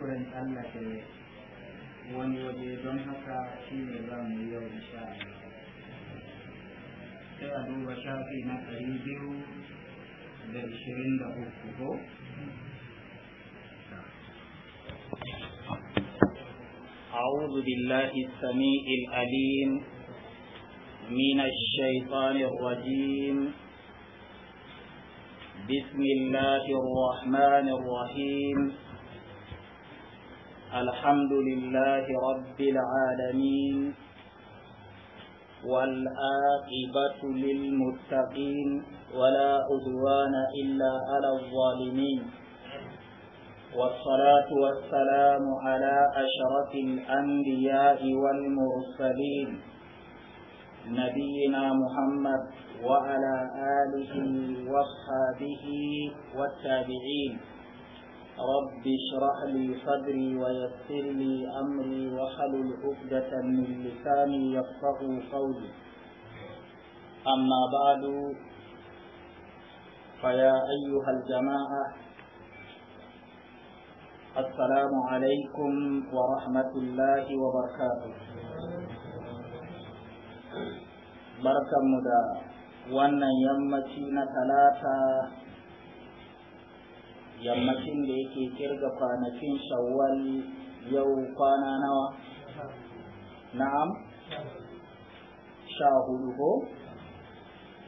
kuskuren tsallake wani waje don haka shi ne za mu yau insha sai a duba shafi na ɗari biyu da ishirin da uku ko أعوذ بالله السميع العليم من الشيطان الرجيم بسم الله الرحمن الرحيم الحمد لله رب العالمين والآقبة للمتقين ولا عدوان إلا على الظالمين والصلاة والسلام على أشرف الأنبياء والمرسلين نبينا محمد وعلى آله وصحبه والتابعين رب اشرح لي صدري ويسر لي امري واحلل عقدة من لساني يفقهوا قولي اما بعد فيا ايها الجماعه السلام عليكم ورحمه الله وبركاته بركه مدى وانا يمتي نتلاتا yammacin da yake kirga kwanakin shawwal yau kwana nawa na'am sha hudu ko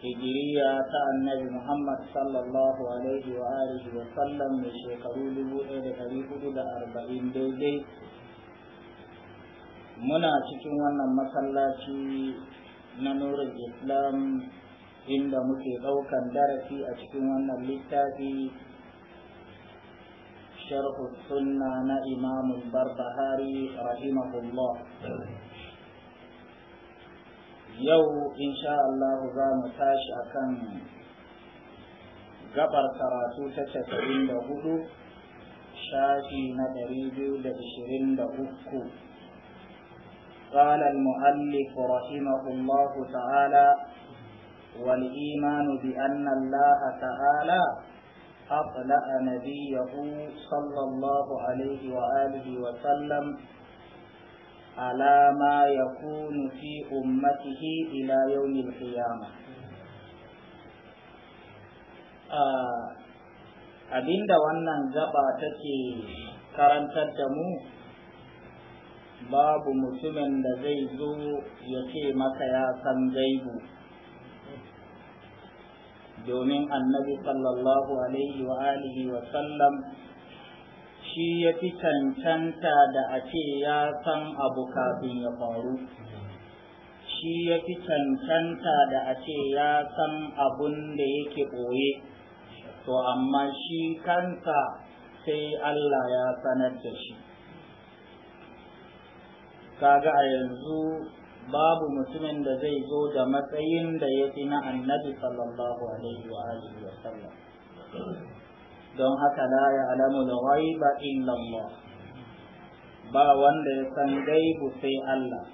hijiriya ta annabi muhammad sallallahu alaihi wa alihi wa sallam mai shekaru dubu ɗaya da ɗari hudu da arba'in daidai muna cikin wannan masallaci na nurin islam inda muke ɗaukan darasi a cikin wannan littafi شرح السنة إمام البربهاري رحمه الله yau insha Allah za mu tashi kan gabar karatu ta casa'in da hudu shafi na ɗari biyu da ishirin da uku قال المؤلف رحمه الله تعالى والإيمان بأن الله تعالى أطلع نبيه صلى الله عليه وآله وسلم على ما يكون في أمته إلى يوم القيامة آه abinda wannan gaba take karantar da mu babu mutumin da zai zo ya ce maka ya san gaibu domin annabi sallallahu alaihi wa alihi wa sallam shi ya fi cancanta da a ce ya san abu kafin ya faru shi ya fi cancanta da a ce ya san abun da yake ɓoye to amma shi kansa sai Allah ya sanar da shi kaga a yanzu babu mutumin da zai zo da matsayin da ya fi na annabi sallallahu alaihi wa alihi wa sallam don haka la ya'lamu al wai illa Allah ba wanda ya san gaibu sai Allah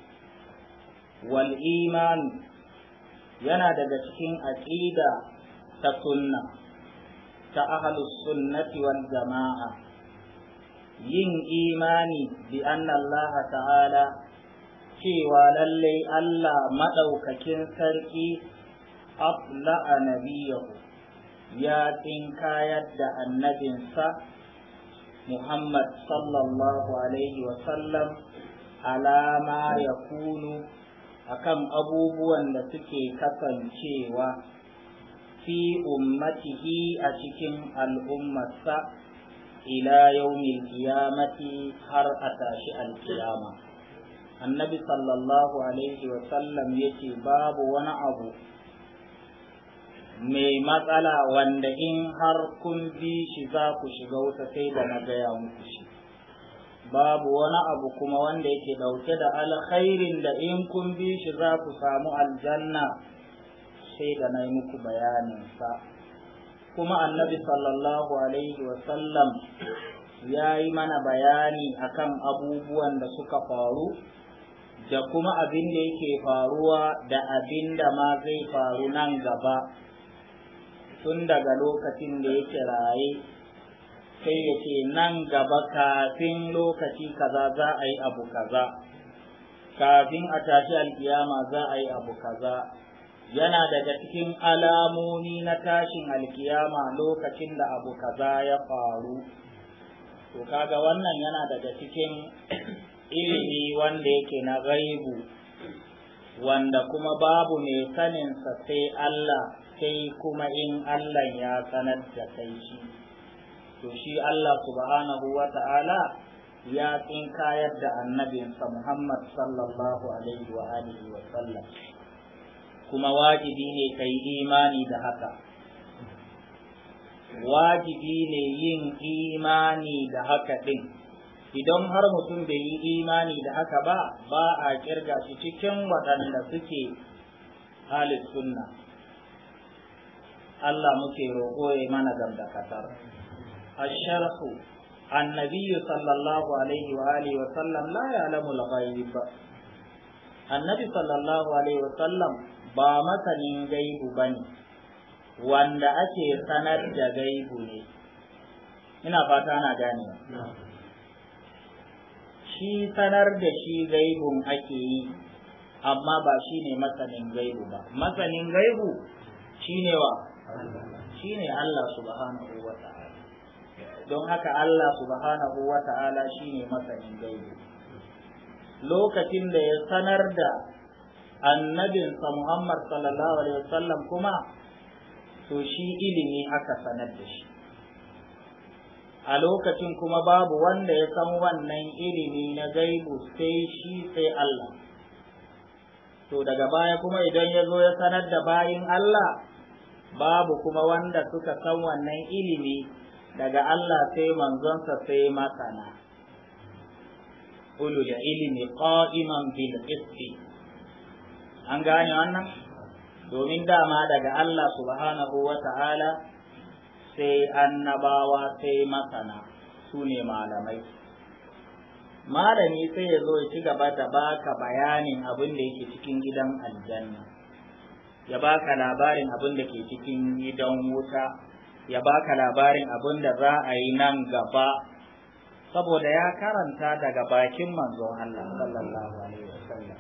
wal iman yana daga cikin aqida ta sunna ta ahlus sunnati wal jama'a yin imani bi anna Allah ta'ala cewa lallai Allah maɗaukakin sarki afla'a nabiyahu ya tsinkayar da annabinsa Muhammad sallallahu Alaihi wasallam alama ya kunu a kan abubuwan da suke kasancewa fi ummatihi a cikin al'ummarsa ila yawmin qiyamati har a tashi alkiyama. annabi sallallahu alaihi wasallam ya ce babu wani abu mai matsala wanda in har kun bi shi za ku shiga wuta sai da na gaya muku shi babu wani abu kuma wanda yake dauke da alkhairin da in kun bi shi za ku samu aljanna sai da na yi muku bayaninsa kuma annabi sallallahu alaihi wasallam ya yi mana bayani akan abubuwan da suka faru da kuma abin da yake faruwa da abin da ma zai faru nan gaba tun daga lokacin da yake raye sai ya ce nan gaba kafin lokaci kaza za a yi abu kaza kafin a tashi alkiyama za a yi abu kaza yana daga cikin alamomi na tashin alkiyama lokacin da abu kaza ya faru to kaga wannan yana daga cikin ilimi wanda yake na gaibu wanda kuma babu mai saninsa sai Allah sai kuma in Allah ya sanar da kai shi to shi Allah subhanahu wa ta'ala ya tsinkayar da annabinsa Muhammad sallallahu alaihi wa alihi wa sallam kuma wajibi ne kai imani da haka wajibi ne yin imani da haka din idan har mutum bai yi imani da haka ba ba a kirga shi cikin waɗanda suke halis sunna Allah muke roƙo ya mana A asharhu annabi sallallahu alaihi wa alihi wa sallam la ya'lamu al ba. annabi sallallahu alaihi wa sallam ba masanin gaibu bane wanda ake sanar da gaibu ne ina fata ana gane. shi sanar da shi gaibun ake yi amma ba shi ne masanin gaibu ba masanin gaibu shi ne wa shi ne Allah subhanahu wa ta'ala don haka Allah subhanahu wa ta'ala shi ne masanin gaibu lokacin da ya sanar da annabinsa Muhammad sallallahu alaihi wasallam kuma to shi ilimi aka sanar da shi a lokacin kuma babu wanda ya san wannan ilimi na gaibu sai shi sai Allah to daga baya kuma idan ya zo ya sanar da bayin Allah babu kuma wanda suka san wannan ilimi daga Allah sai manzonsa sai masana da ilimi qa'iman bil qisti an gane wannan domin dama daga Allah subhanahu wa ta'ala sai annabawa sai masana su ne malamai malami sai ya zo ya ci gaba da baka bayanin abin da yake cikin gidan aljanna ya baka labarin abin da ke cikin gidan wuta ya baka labarin abin da za a yi nan gaba saboda ya karanta daga bakin manzon Allah sallallahu alaihi wasallam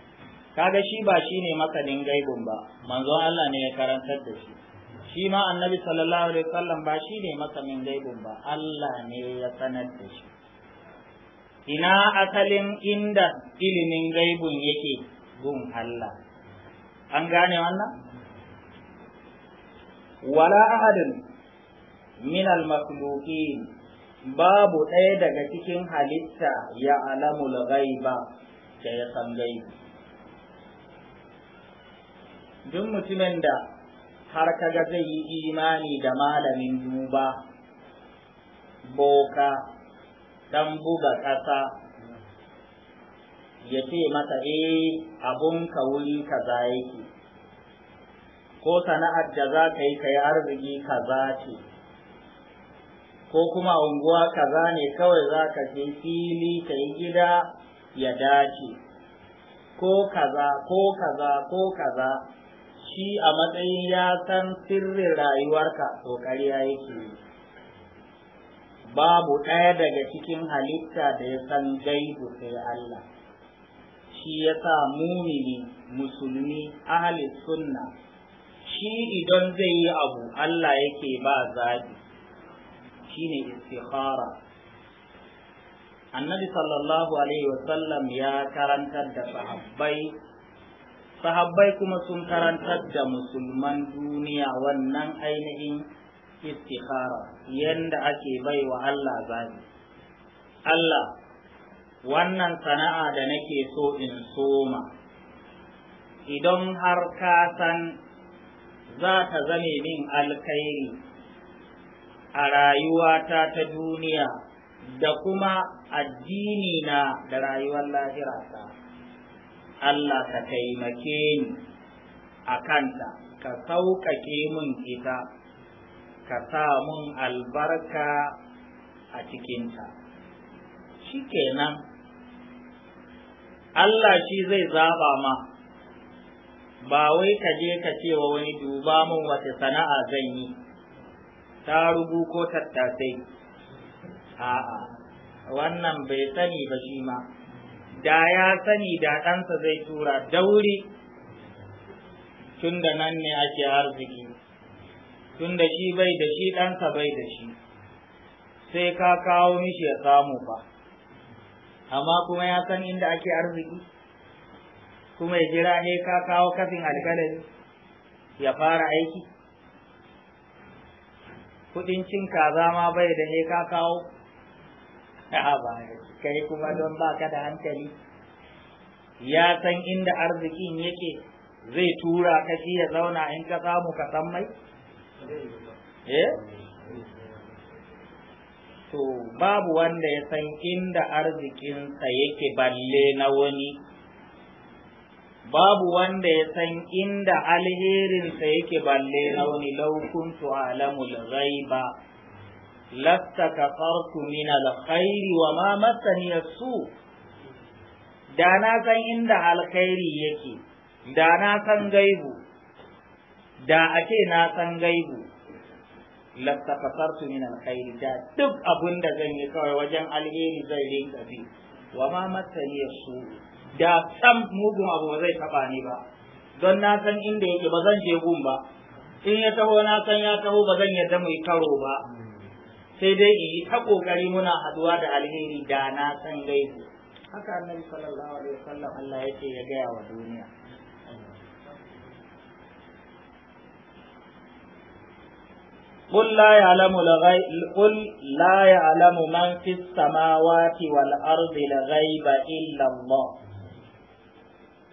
kaga shi ba shine masanin gaibun ba manzon Allah ne ya karantar da shi shi ma annabi sallallahu alaihi wasallam ba shi ne masanin gaibun ba Allah ne ya sanar da shi ina asalin inda ilimin gaibun yake gun Allah an gane wannan wala ahadin min al babu ɗaya daga cikin halitta ya alamul ghaiba da ya san duk mutumin da har kaga zai yi imani da malamin duba boka dan buga ƙasa ya ce masa eh abunka wuri kaza yake ko sana'ar da za ka yi ka yi arziki kaza ce ko kuma unguwa kaza ne kawai za ka je fili ka yi gida ya dace ko kaza ko kaza ko kaza shi a matsayin ya san sirrin rayuwarka to ƙarya yake babu ɗaya daga cikin halitta da ya san gaibu sai Allah shi ya sa mumini musulmi ahli sunna shi idan zai yi abu Allah yake ba zaɓi ne istikhara annabi sallallahu alaihi wasallam ya karantar da sahabbai sahabbai kuma sun karantar da musulman duniya wannan ainihin istikhara yanda ake bai wa Allah zabi Allah wannan sana'a da nake so in soma idan har ka san za ta zame min alkhairi a rayuwata ta duniya da kuma addini na da rayuwar lahirata Allah ka taimake ni a kanta ka sauƙaƙe mun ita ka sa mun albarka a cikinta kenan Allah shi zai zaba ma ba wai ka je ka ce wa wani duba mun wata sana'a zan yi ta rubu ko tattasai a'a wannan bai sani ba shi ma da ya sani da ɗansa zai tura dauri tun da nan ne ake arziki tun da shi bai da shi ɗansa bai da shi sai ka kawo mishi ya samu ba amma kuma ya san inda ake arziki kuma ya jira ne ka kawo kafin alkalari ya fara aiki kudin cin kaza ma bai da ne ka kawo kai kuma don ba ka da hankali ya san inda arzikin yake zai tura ka shi ya zauna in ka samu ka san mai eh to babu wanda ya san inda arzikinsa yake balle na wani babu wanda ya san inda alherinsa yake balle na wani, laukun alamul ghaiba lasta kafartu min alkhairi wa ma masani su da na san inda alkhairi yake da na san gaibu da ake na san gaibu lasta kafartu min alkhairi da duk abin da zan yi kawai wajen alheri zai rinka bi wa ma masani su da sam mugun abu zai taba ni ba don na san inda yake ba zan je gun ba in ya taho na san ya taho ba zan yadda mai karo ba sai dai yi ta kokari muna haduwa da alheri da na san gaibu haka annabi sallallahu alaihi wasallam Allah yake ya gaya wa duniya قل لا يعلم لغي... قل لا يعلم من في السماوات والأرض الغيب إلا الله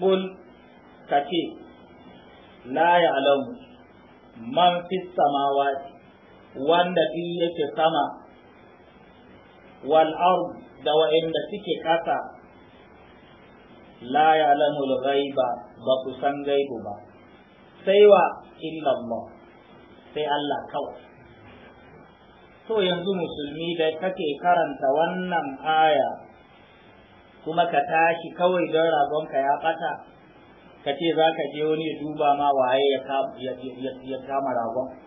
قل كتي لا يعلم من في السماوات wanda ɗi yake sama wal da wa'inda suke ƙasa la ya'lamul ghaiba ba ku san gaibu ba sai wa illallah sai Allah kawai to yanzu musulmi da kake karanta wannan aya kuma ka tashi kawai don ragonka ya ɓata ka ce za ka je wani duba ma waye ya kama ragon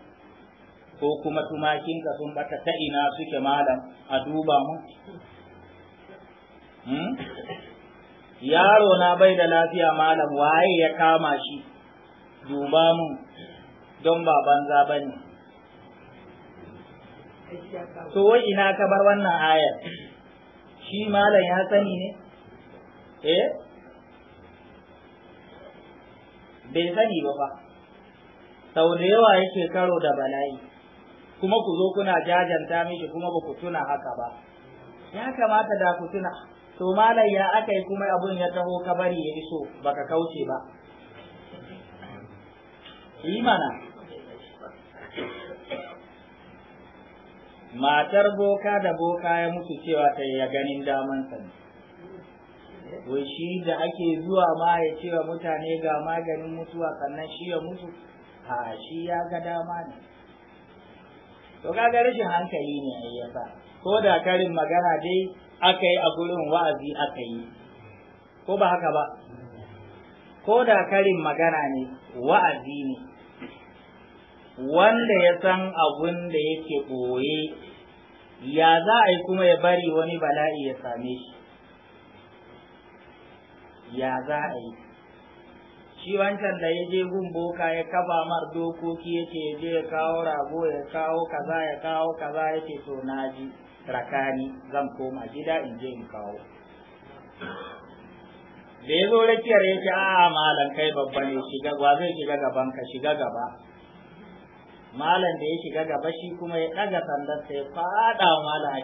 ko kuma tumakinka sun bata ta ina suke malam a duba mu hmm? yaro na bai da lafiya malam waye ya kama shi duba mu don ba banza ba ne to wai ina ka bar wannan ayar shi malam ya sani ne eh bai sani ba ba sau da yawa yake karo da bala'i kuma ku zo kuna jajanta miki kuma ba ku tuna haka ba ya kamata da ku tuna to malam ya aka yi kuma abun ya taho ka bari ya iso baka kauce ba yi matar boka da boka ya mutu cewa ta ya ganin daman ne wai shi da ake zuwa ma ya cewa mutane ga maganin mutuwa sannan shi ya mutu ha shi ya ga dama ne to kaga rashin hankali ne ai yasa ko da karin magana dai aka yi a gurin wa'azi aka yi ko ba haka ba ko da karin magana ne wa'azi ne wanda ya san abun da yake ɓoye ya za a yi kuma ya bari wani bala'i ya same shi ya za a yi shi wancan da ya je gun boka ya kafa mar dokoki yake ya je ya kawo rago ya kawo kaza ya kawo kaza yake to na ji rakani zan koma gida in je in kawo da ya zo rakiyar ya ce Aa, malam kai babba ne shiga wa zai shiga gaban ka shiga gaba malam da ya shiga gaba shi kuma ya ɗaga sandarsa ya faɗa malam a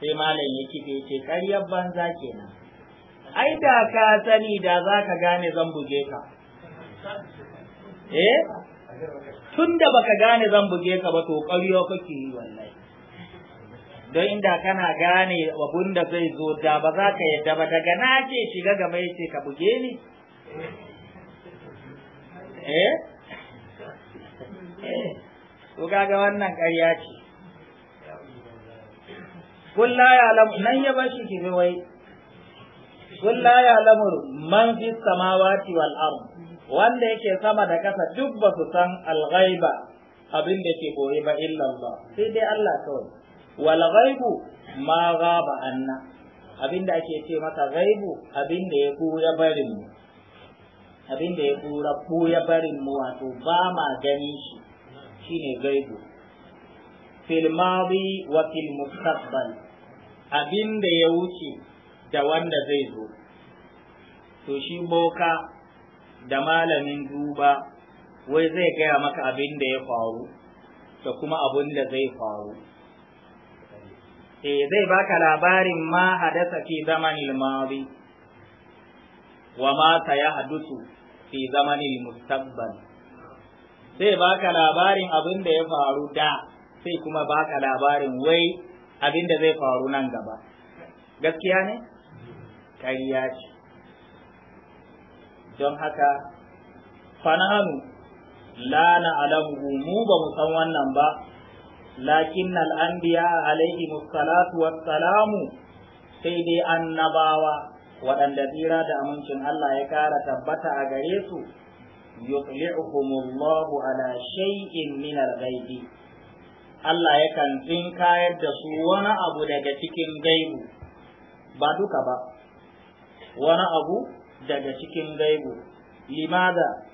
sai malam ya kife ce ƙaryar banza kenan ai da ka sani da za ka gane zan buge ka eh tun da baka gane zan buge ka ba to ƙaryo kake yi wallahi don inda kana gane abun da zai zo da ba za ka yadda ba daga na ce shiga mai ce ka buge ni eh, eh. to kaga wannan ƙarya ce Kullaya alam nan ya bashi ki wai kun la lamur, man fi samawati wal ard wanda yake sama da kasa duk ba su san al-ghaiba abin da ke boye ba illa Allah sai dai Allah kawai wal ghaibu ma ghaba anna abin da ake ce masa ghaibu abin da ya kura barin mu abin da ya kura kura barin mu wato ba ma gani shi shine ghaibu fil madi wa fil mustaqbal abin da ya wuce da wanda zai zo to shi boka da malamin duba wai zai gaya maka abin da ya faru da kuma abin da zai faru eh zai baka labarin ma hadasa fi zamanil madi wa ma hadusu fi zamanil mustaqbal Zai baka labarin abin da ya faru da sai kuma baka labarin wai abin da zai faru nan gaba gaskiya ne ƙarya ce don haka fanahanu la na alamu mu ba mu san wannan ba lakin al'ambiya alaihi musallatu wassalamu sai dai annabawa waɗanda tsira da amincin Allah ya ƙara tabbata a gare su yuqli'uhumullahu ala shay'in min al-ghaibi Allah yakan tsinkayar da su wani abu daga cikin gaibu ba duka ba wani abu daga cikin gaibu limada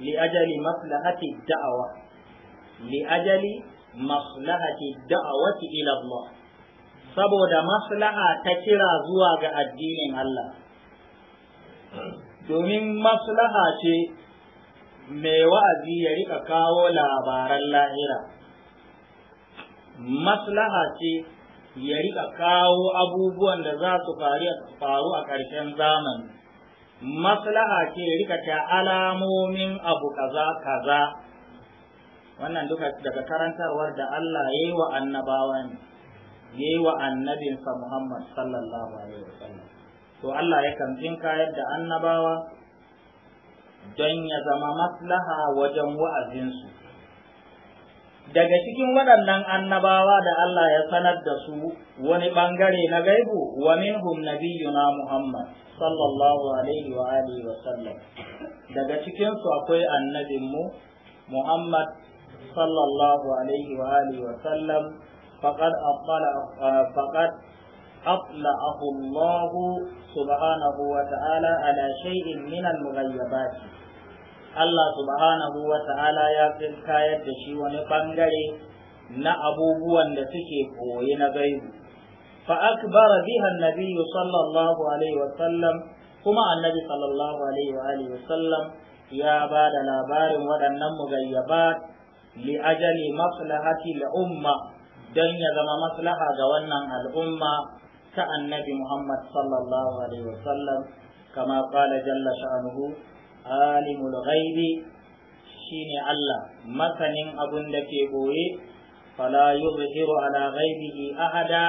li'ajali maslahati da'awa ajali maslahati da'awati ila Allah saboda maslaha ta kira zuwa ga addinin Allah domin maslaha ce mai wa'azi ya rika kawo labaran lahira maslaha ce ya rika kawo abubuwan da za su faru a ƙarshen zamani maslaha ce ya rika ta alamomin abu kaza kaza wannan duka daga karantarwar da Allah ya yi wa annabawa ne ya yi wa annabinsa Muhammad sallallahu alaihi wasallam to Allah ya yakan kayar da annabawa don ya zama maslaha wajen wa'azinsu daga cikin waɗannan annabawa da Allah ya sanar da su wani ɓangare na gaibu wa minhum nabiyyuna Muhammad sallallahu alaihi wa alihi wa sallam daga cikin su akwai annabinmu Muhammad sallallahu alaihi wa alihi wa sallam faqad aqala ah, faqad أطلعه الله سبحانه وتعالى على شيء من المغيبات Allah subhanahu wa ta'ala ya kayar da shi wani bangare na abubuwan da suke koyi na gaibu fa akbara biha annabi sallallahu alaihi wa sallam kuma annabi sallallahu alaihi wa alihi wa sallam ya ba da labarin waɗannan mugayyabat li ajali maslahati la umma don ya zama maslaha ga wannan al'umma ta annabi Muhammad sallallahu alaihi wa sallam kama qala jalla sha'anuhu alimul ghaibi shine Allah masanin abun da ke boye fala yuzhiru ala ghaibihi ahada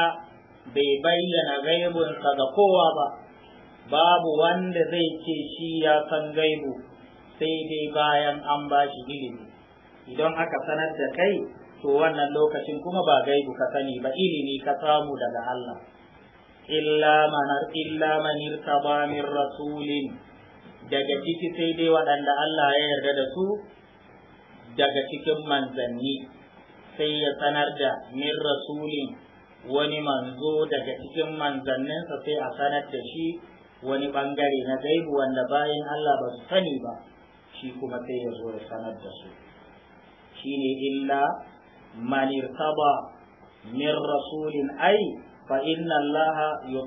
bai bayyana gaibunsa ga kowa ba babu wanda zai ce shi ya san gaibu sai dai bayan an ba shi ilimi idan aka sanar da kai to wannan lokacin kuma ba gaibu ka sani ba ilimi ka samu daga Allah illa man irtaba min rasulin daga ciki sai dai waɗanda Allah ya yarda da su daga cikin manzanni sai ya sanar da min rasulin wani manzo daga cikin manzanninsa sai a sanar da shi wani ɓangare na gaibu wanda bayan Allah ba su sani ba shi kuma sai ya zo ya sanar da su shine illa man irtaba min rasulin ai fa inna Allah ya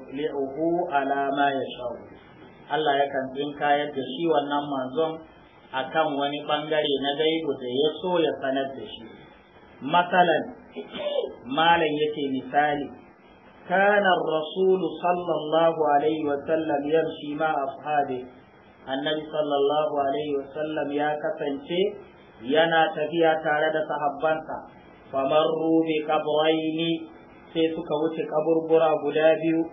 ala ma sha'u. Allah yakan kayar da shi wannan manzon akan wani bangare na gaibu da ya so ya sanar da shi masalan malam yake misali kana rasul sallallahu alaihi wa sallam yamshi ma ashabi annabi sallallahu alaihi ya kasance yana tafiya tare da sahabbansa famarru bi qabraini sai suka wuce kaburbura guda biyu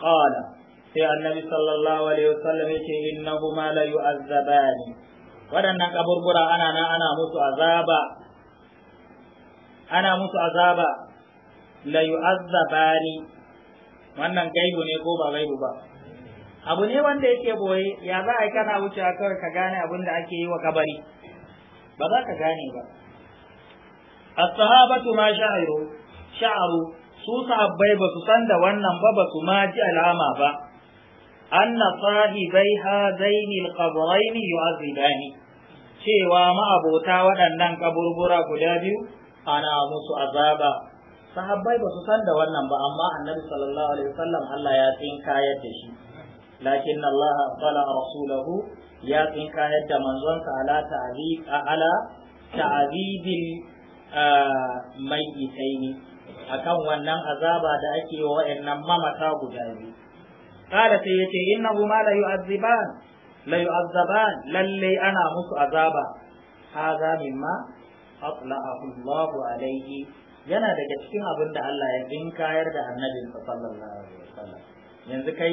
qala sai annabi sallallahu alaihi wasallam yace innahuma la yu'azzabani waɗannan kaburbura ana nan ana musu azaba ana musu azaba la yu'azzabani wannan gaibu ne ko ba gaibu ba abu ne wanda yake boye ya za a kana wucewa kawai ka gane abin da ake yi wa kabari ba za ka gane ba as-sahabatu ma sha'aru sha'aru su sahabbai ba su san da wannan ba ba su ma ji alama ba anna sahibai hadaini alqabraini yu'azibani cewa ma'abota waɗannan kaburbura guda biyu ana musu azaba sahabbai ba su san da wannan ba amma annabi sallallahu alaihi wasallam Allah ya tsinkayar da shi lakin Allah qala rasulahu ya tsinkayar da manzonsa ala ta'zib ala ta'zibil mayyitaini akan wannan azaba da ake wa waɗannan mamata guda biyu Kada sai yace innahu ma la yu'azziban la yu'azzaban lalle ana musu azaba hadha mimma atla'ahu Allahu alaihi yana daga cikin abin da Allah ya inkayar da annabin sallallahu alaihi wasallam yanzu kai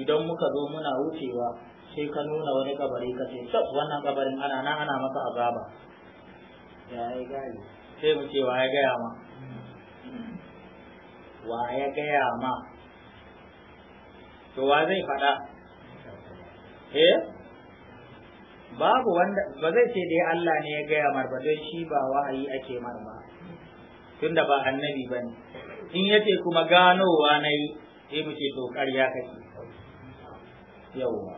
idan muka zo muna wucewa sai ka nuna wani kabari ka ce wannan kabarin ana nan ana masa azaba ya yi gari sai mu ce wa ya gaya ma hmm. wa ya gaya ma to wa zai faɗa eh babu wanda ba zai ce dai Allah ne ya gaya mar ba don shi ba wahayi ake mar ba tunda ba annabi ba ne in ya ce kuma ganowa na yi sai mu ce to ƙarya kake yawwa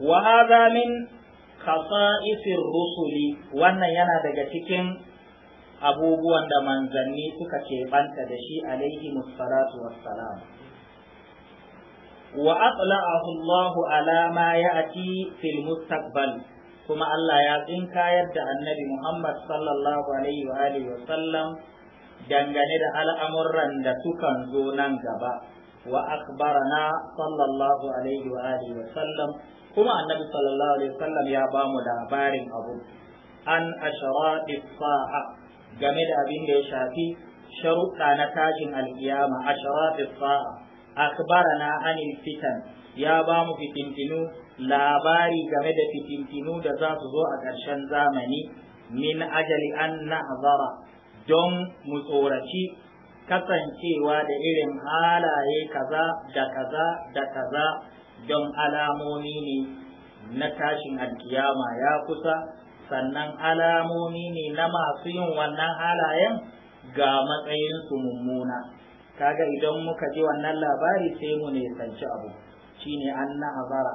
wa hadha min khasa'isir rusuli wannan yana daga cikin abubuwan da manzanni suka keɓanta da shi alaihi musallatu wassalam wa atla'ahu Allah ala ma ya'ti fil mustaqbal kuma Allah ya tsinkayar da annabi Muhammad sallallahu alaihi wa alihi wa sallam dangane da al'amuran da sukan zo nan gaba wa akbarana sallallahu alaihi wa alihi wa sallam kuma annabi sallallahu alaihi wa sallam ya bamu labarin abu an ashara sa'a game da abin da ya shafi sharuɗa na tashin alkiyama a sharafis sa'a na anil fitan ya ba mu fitintinu labari game da fitintinu da za su zo a ƙarshen zamani min ajali an na'azara don mu tsoraci kasancewa da irin halaye kaza da kaza da kaza don alamomi ne na tashin alkiyama ya kusa sannan alamomi ne na masu yin wannan halayen ga matsayinsu mummuna kaga idan muka ji wannan labari sai mu nisanci abu shine an na'azara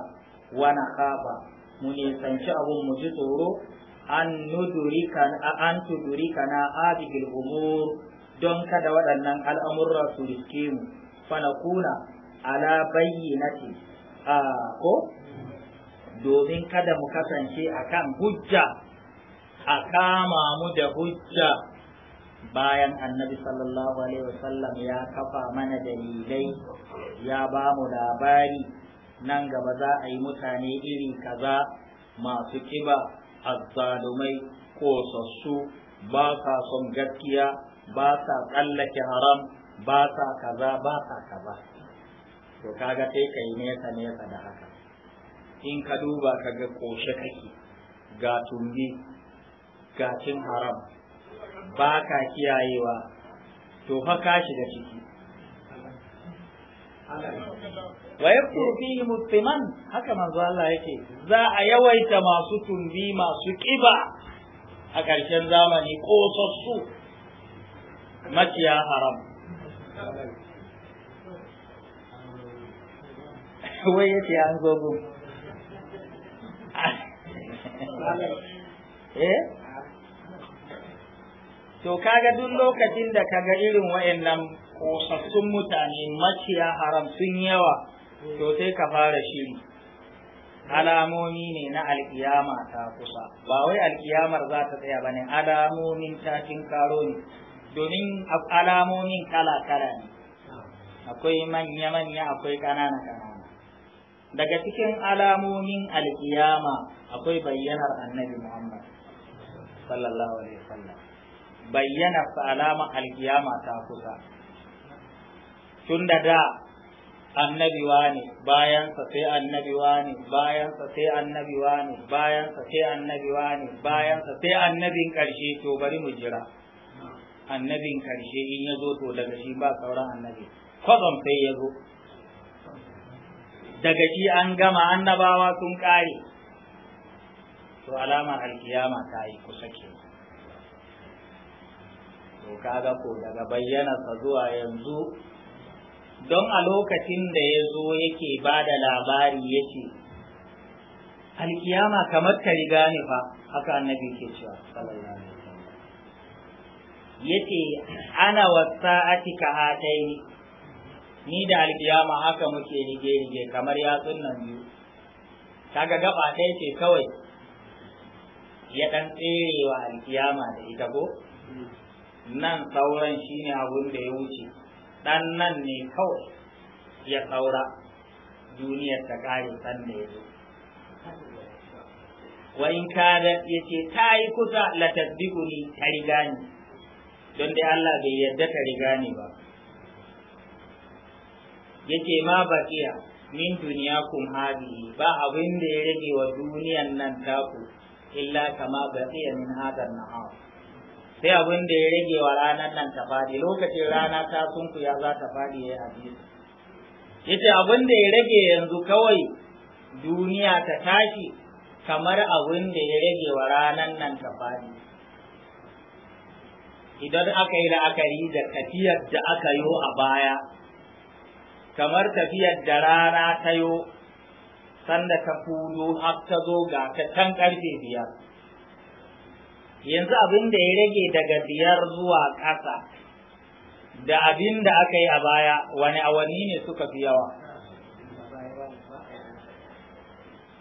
wa naqaba mu nisanci abun mu ji tsoro an nudurika an tudurika na adihil umur don kada waɗannan al'amurra su riske mu fanakuna ala bayyinati a ah, ko domin kada mu kasance akan hujja a kama mu da hujja bayan annabi sallallahu alaihi wasallam ya kafa mana dalilai ya ba mu labari nan gaba za a yi mutane iri kaza masu kiba azzalumai kosassu ba sa son gaskiya ba sa tsallake haram ba sa kaza ba sa kaza to kaga sai kai nesa nesa da haka in ka duba ka kaga koshe kake ga tumbi gashin haram ba ka kiyayewa to fa ka shiga ciki wa yakuru fihi mutiman haka manzo Allah yake za a yawaita masu tumbi masu kiba a ƙarshen zamani kosassu maciya haram wai yake an eh to kaga duk lokacin da kaga irin wa'annan kosassun mutane maciya haram sun yawa to sai ka fara shiri alamomi ne na alkiyama ta kusa ba wai alkiyamar za ta tsaya ba ne alamomin takin karo ne domin alamomin kala-kala ne akwai manya-manya akwai ƙanana-ƙanana daga cikin alamomin alkiyama akwai bayyanar annabi muhammad sallallahu alaihi wasallam bayyana su alama alkiyama ta kusa tun da da annabiwa ne bayansa sai annabiwa ne bayansa sai annabiwa ne bayansa sai annabiwa ne bayansa sai annabin ƙarshe to bari mu jira annabin ƙarshe in ya zo to daga shi ba sauran annabi kwazon sai ya zo daga shi an gama annabawa sun ƙare to alamar alkiyama ta yi kusa ke to kaga ko daga bayyanarsa zuwa yanzu don a lokacin da ya zo yake ba da labari ya ce alkiyama kamar ka riga ne fa haka annabi ke cewa ya ce ana wasa ka hatai ni da alkiyama haka muke rige-rige kamar yatsun nan biyu kaga gaba ɗaya ce kawai ya ɗan tserewa alkiyama da ita ko nan sauran shine abun da ya wuce dan nan ne kawai ya saura duniyar ta kare san da ya zo wa in kada ya ce ta yi kusa la tasbiquni ta riga ni don dai Allah bai yarda ta riga ni ba yace ma bakiya min duniya kum hadi ba abin da ya rage wa duniyan nan taku illa kama bakiya min hadar na'am sai abin da ya rage wa ranar nan ta fadi lokacin rana ta ya za ta fadi ya yi yace abin da ya rage yanzu kawai duniya ta tashi kamar abin da ya rage wa ranar nan ta fadi idan aka yi la'akari da tafiyar da aka yo a baya kamar tafiyar da rana ta yo sanda ta fudo har ta zo ga ta can karfe biyar yanzu abin da ya rage daga biyar zuwa ƙasa da abin da aka yi a baya wani awanni ne suka fi yawa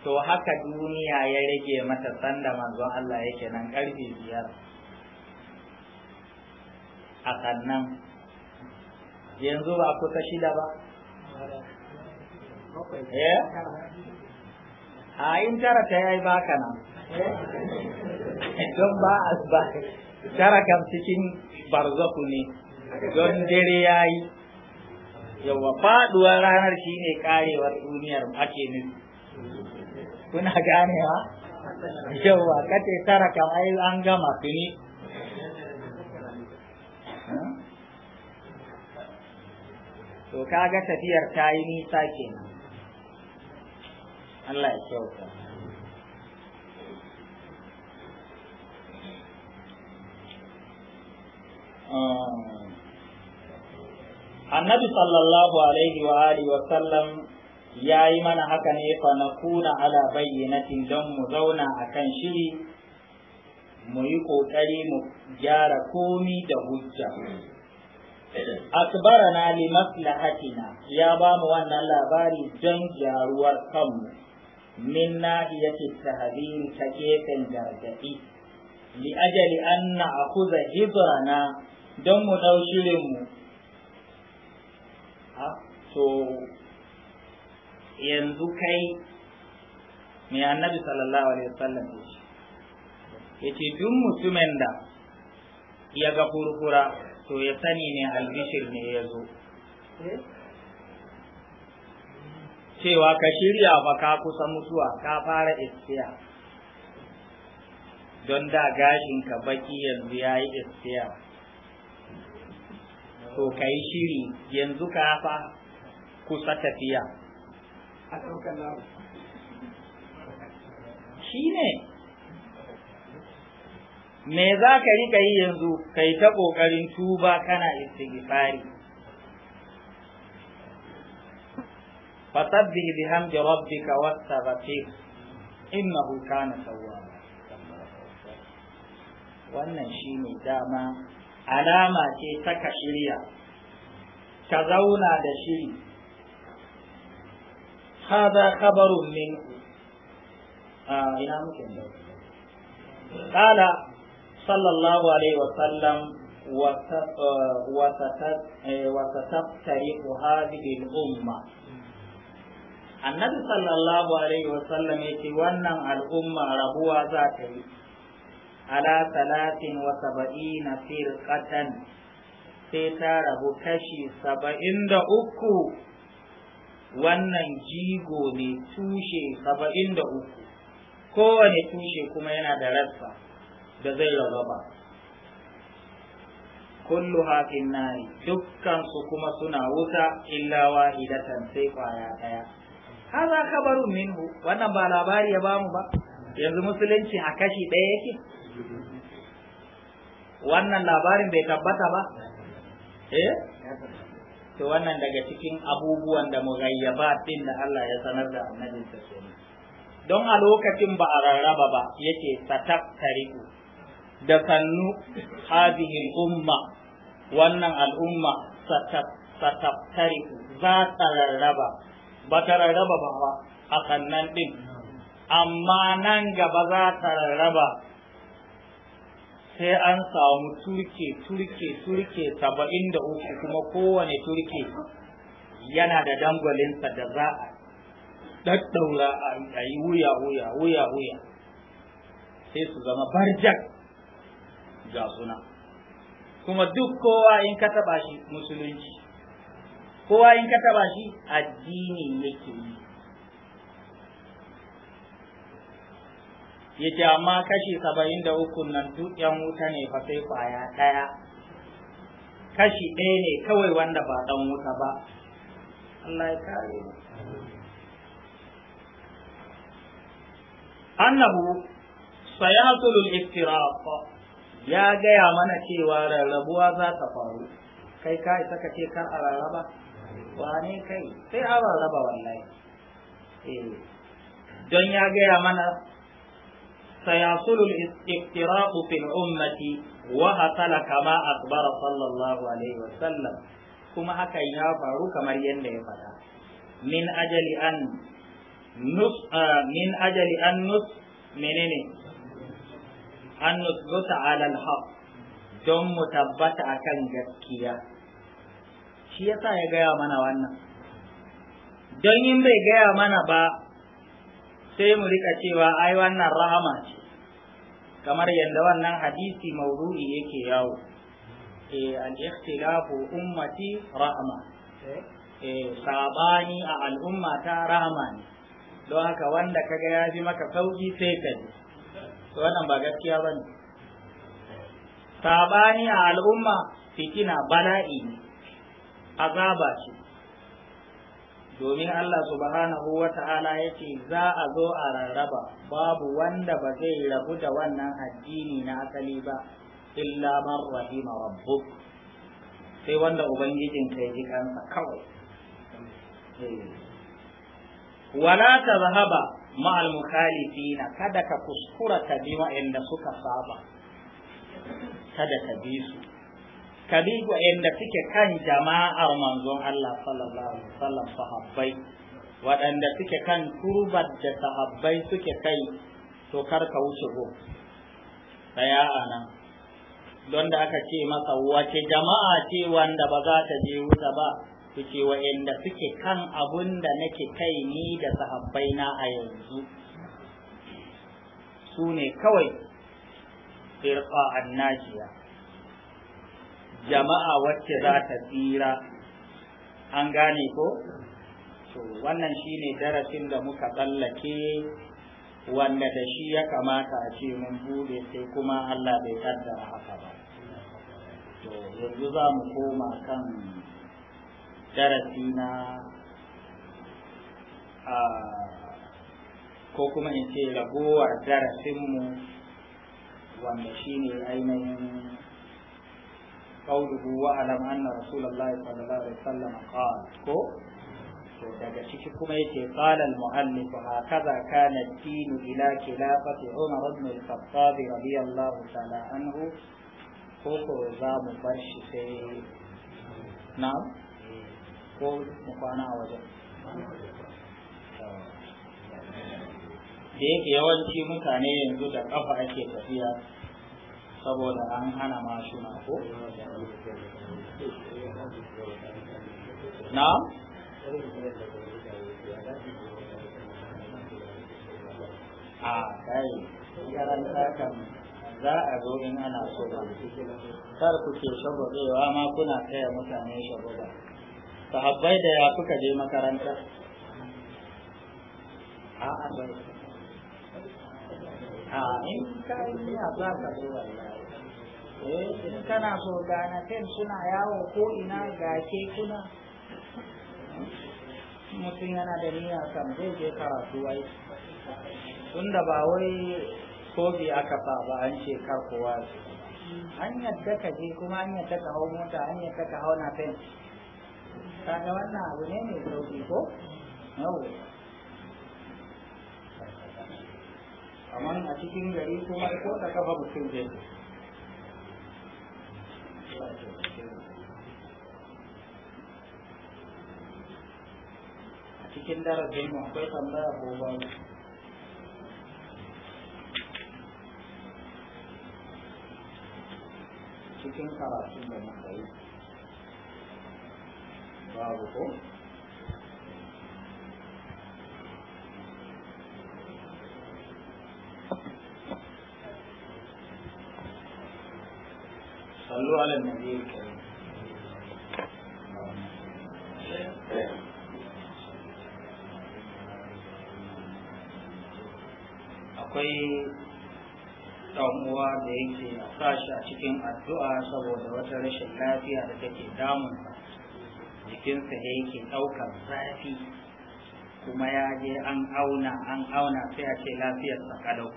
to haka duniya ya rage mata sanda manzon Allah yake nan ƙarfe biyar a sannan yanzu ba kusa shida ba eh? a in tara ta yayi baka nan don ba a ba sharakar cikin barzaku ne don dare ya yi yawa faduwa ranar shi ne karewar duniyar ake nufi kuna ganewa yawa kace taraka ai an gama fini to kaga tafiyar ta yi nisa kenan Allah ya kyauta Ah. annabi sallallahu alaihi wa alihi wa sallam ya yi mana haka ne fa na kuna ala bayyanatin don mu zauna a kan shiri mu yi ƙoƙari mu gyara komi da hujja na li maslahatina ya ba mu wannan labari don gyaruwar kanmu min nahiyati tahdhir ta gefen gargadi li ajali anna na'khudha hibrana don mu ɗau shirinmu to yanzu kai mai annabi sallallahu alaihi wasallam ya ce ya duk mutumin da ya ga furfura to ya sani ne albishir ne ya zo eh? cewa ka shirya ba ka kusa mutuwa ka fara iskiya don da gashin ka baki yanzu ya yi iskiya to kai shiri yanzu ka fa kusa tafiya shi ne me za ka riƙa yi yanzu kai ta ƙoƙarin tuba kana istighfari فسبح بحمد ربك واستغفر إنه كان توابا wannan shine dama alama ce ta ka shirya ka zauna da shiri haza khabarun min a ina muke da kala sallallahu alaihi wasallam وستفترق هذه الأمة annabi sallallahu alaihi wasallam ya ce wannan al'umma rabuwa za ta yi ala talatin wa saba'ina firqatan sai ta rabu kashi saba'in da uku wannan jigo ne tushe saba'in da uku kowane tushe kuma yana da rassa da zai rarraba kullu hafin nari dukkansu kuma suna wuta illa wahidatan sai kwaya ɗaya haza kabarun minhu wannan ba labari ya bamu ba yanzu musulunci a kashi ɗaya yake wannan labarin bai tabbata ba eh to wannan daga cikin abubuwan da mugayyaba din da Allah ya sanar da annabinsa kenan don a lokacin ba a rarraba ba yake satattariku da sannu hadhihi umma wannan al'umma satattariku za ta rarraba ba ta rarraba ba a sannan din amma nan gaba za ta rarraba sai an samu turke turke turke saba'in da uku kuma kowane turke yana da dangwalinsa da za a ɗaɗɗaura a yi wuya wuya wuya wuya sai su zama barjak ga suna kuma duk kowa in ka shi musulunci kowa in ka shi addini yake yi yace amma kashi saba'in da uku nan duk yan wuta ne fa sai kwaya ɗaya kashi ɗaya ne kawai wanda ba ɗan wuta ba Allah ya kare mu annahu sayasulu al-iftiraq ya gaya mana cewa rarrabuwa za ta faru kai ka isa ka ce kar a rarraba wane kai sai a rarraba wallahi eh don ya gaya mana سيصل الافتراق في الأمة وحصل كما أخبر صلى الله عليه وسلم كما هكا ينافر كما ينفر من أجل أن نص من أجل أن نص منين أن نثبت على الحق دم متبت أكن akan شيء shi yasa ya وانا mana wannan don in bai sai mu rika cewa ai wannan rahama ce kamar yadda wannan hadisi maudu'i yake yawo eh an ikhtilafu ummati rahma eh. eh sabani a al'umma ta rahma ne don haka wanda kaga ya fi maka sauki sai ka ji wannan ba gaskiya bane sabani a al'umma fitina bala'i ne azaba ce domin Allah subhanahu wa ta'ala ya ce za a zo a rarraba babu wanda ba zai rabu da wannan addini na asali ba illa man rahima rabbuk sai wanda ubangijin kai ji kansa kawai wala ta zahaba ma'al mukhalifina kada ka kuskura ka bi wa'anda suka saba kada ka bi su ka bi waɗanda suke kan jama'ar manzon Allah sallallahu alaihi wasallam sahabbai waɗanda suke kan turbar da sahabbai suke kai to kar ka wuce go daya nan, don da aka ce masa wace jama'a ce wanda ba za ta je wuta ba ku ce waɗanda suke kan abunda da nake kai ni da sahabbai na a yanzu Sune kawai firqa annajiya jama'a wacce za ta tsira an gane ko to wannan shine darasin da muka tsallake wanda da shi ya kamata a ce mun bude sai kuma Allah bai kaddara haka ba to yanzu za mu koma kan darasi na ko kuma in ce ragowar darasinmu wanda shine ainihin قوله واعلم أن رسول الله صلى الله عليه وسلم قال كو daga ciki kuma yace qala al-mu'allif hakaza kana ad-din ila khilafati Umar ibn al-Khattab radiyallahu ta'ala anhu ko ko za mu bar shi sai na ko mu kwana a wajen da yake yawanci mutane yanzu da kafa ake tafiya saboda an hana na ko na a kai karanta za a zo in ana so ba kar ku ke shagwabewa ma kuna kaya mutane shagwaba sahabbai da ya kuka je makaranta a a in ka iya za ka zo eh in kana so gana ten suna yawo ko ina ga kuna mutum yana da niyya kan zai je karatu wai tunda ba wai kofi aka fa ba an ce kar an yadda ka je kuma an yadda ka hau mota an yadda ka hau na fen kaga wannan abu ne mai sauki ko yau kamar a cikin gari kuma ko da kafa mutum a cikin darasin mu akwai tambaya ko babu cikin karatu da muka babu ko صلوا على النبي الكريم akwai damuwa da yake a sashi a cikin addu'a saboda wata rashin lafiya da take damunsa jikinsa da yake ɗaukar zafi kuma ya je an auna an auna sai a ce lafiyarsa kalau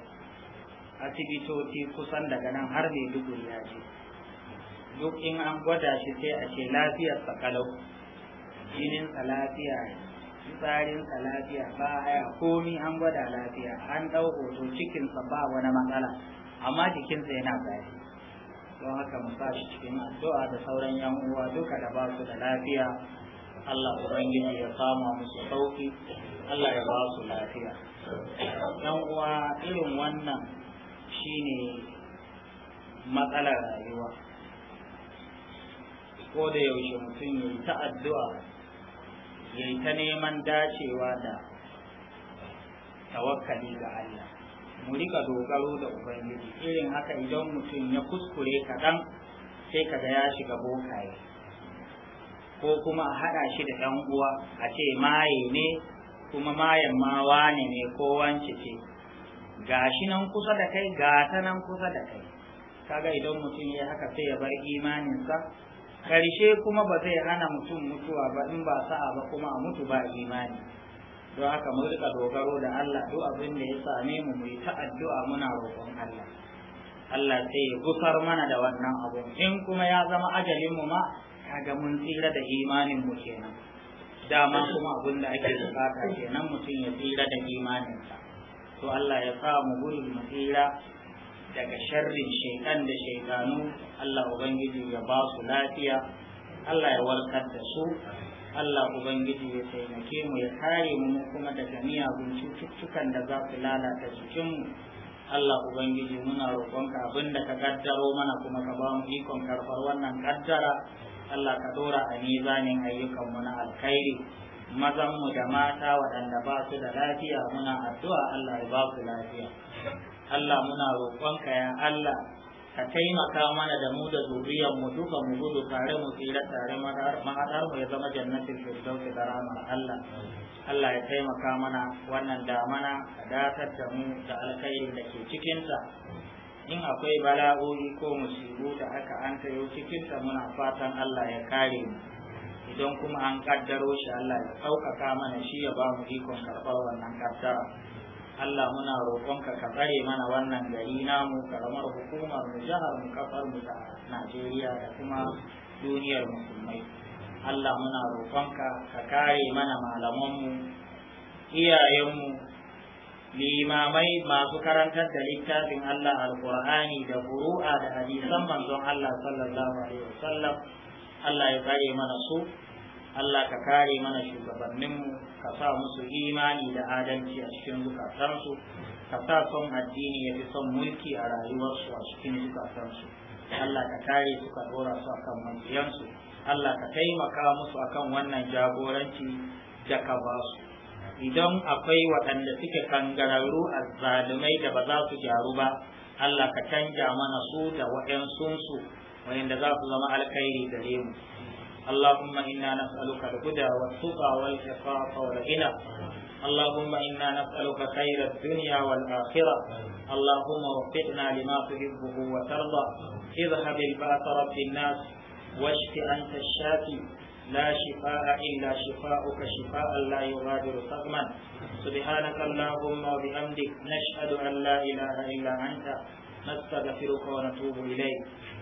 asibitoci kusan daga nan har mai duguri ya je duk in an gwada shi sai a ce lafiyar sa kalau jinin lafiya tsarin lafiya ba haya komi an gwada lafiya an dau hoto cikin sa ba wani matsala amma jikin sa yana bayani don haka mu sa shi cikin addu'a da sauran yan uwa duka da ba su da lafiya Allah ubangiji ya kama musu sauki Allah ya ba su lafiya yan uwa irin wannan shine matsalar rayuwa ko da yaushe mutum ya yi ta addu'a ya yi ta neman dacewa da tawakkali ga Allah mu rika dogaro da ubangiji irin haka idan mutum ya kuskure kaɗan sai kaga ya shiga bokaye ko kuma a haɗa shi da ɗan uwa a ce maye ne kuma mayan ma wane ne ko wance ce Ga shi nan kusa da kai Ga ta nan kusa da kai kaga idan mutum ya haka sai ya bar imaninsa Karshe kuma ba zai hana mutum mutuwa ba in ba sa'a ba kuma a mutu ba imani don haka mu rika dogaro da Allah duk abin da ya same mu mu yi ta addu'a muna roƙon Allah Allah sai ya gusar mana da wannan abun in kuma ya zama ajalin mu ma kaga mun tsira da imanin mu kenan dama kuma abin da ake bukata kenan mutum ya tsira da imaninsa to Allah ya sa mu gudu mu tsira daga sharrin shaitan da shaitanu Allah Ubangiji ya ba su lafiya Allah ya warkar da su Allah Ubangiji ya taimake mu ya kare mu kuma daga miyagun cututtukan da za su lalata jikinmu Allah Ubangiji muna roƙonka abin da ka kaddaro mana kuma ka ba mu ikon karɓar wannan kaddara Allah ka dora a mizanin ayyukanmu na alkhairi mazanmu da mata waɗanda ba su da lafiya muna addu'a Allah ya ba su lafiya Allah muna roƙonka ya Allah ka taimaka mana da mu da zuriyar mu duka mu gudu tare mu tsira tare mahaɗar mu ya zama jannatin firdausi da rama Allah Allah ya taimaka mana wannan damana ka dakatar da mu da alkhairin da ke cikinta in akwai bala'o'i ko musibu da aka an tayo cikinta muna fatan Allah ya kare mu idan kuma an kaddaro shi Allah ya ɗaukaka mana shi ya ba mu ikon karɓar wannan kaddara Allah muna roƙonka ka tsare mana wannan gari namu karamar hukumar mu jihar mu kafar mu da Najeriya da kuma duniyar musulmai Allah muna roƙonka ka kare mana malamanmu iyayenmu limamai masu karantar da littafin Allah alƙur'ani da furu'a da hadisan manzon Allah sallallahu alaihi wasallam Allah ya kare mana su Allah ka kare mana shugabanninmu ka sa musu imani da adalci a cikin zukatansu ka sa son addini ya fi son mulki a rayuwarsu a cikin zukatansu Allah ka kare su ka dora su akan mabiyansu Allah ka taimaka musu akan wannan jagoranci da ka ba su idan akwai waɗanda suke kangararru a zalumai da ba za su gyaru ba Allah ka canja mana su da waɗansunsu wayanda za su zama alkhairi gare mu اللهم إنا نسألك الهدى والتقى والعفاف والغنى اللهم إنا نسألك خير الدنيا والآخرة اللهم وفقنا لما تحبه وترضى اذهب البأس رب الناس واشف أنت الشافي لا شفاء إلا شفاءك شفاء لا يغادر سقما سبحانك اللهم وبحمدك نشهد أن لا إله إلا أنت نستغفرك ونتوب إليك